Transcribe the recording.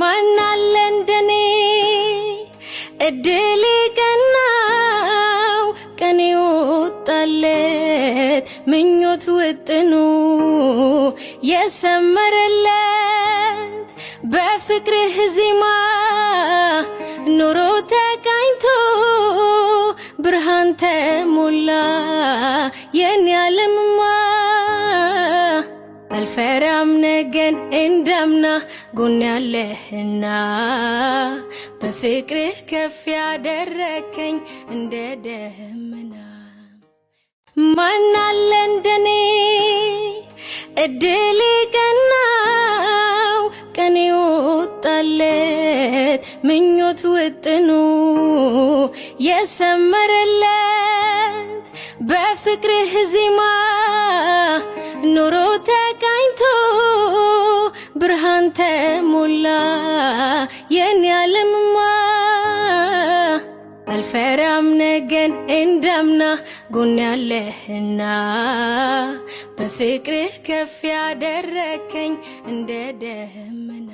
ማናለ እንደኔ እድል ቀናው ቀን ወጣለት ምኞት ውጥኑ የሰመረለት በፍቅርህ ዜማ ኑሮ ተቃኝቶ ብርሃን ተሞላ የኔ ዓለምማ አልፈራም ነገን እንደምና ጎን ያለህና በፍቅርህ ከፍ ያደረከኝ እንደ ደመና ማናለ እንደኔ እድል ቀናው ቀን ይወጣለት ምኞት ውጥኑ የሰመረለት በፍቅርህ ዜማ ባንተ ሞላ የኔ ዓለምማ አልፈራም ነገን እንዳምና ጎን ያለህና በፍቅርህ ከፍ ያደረከኝ እንደ ደመና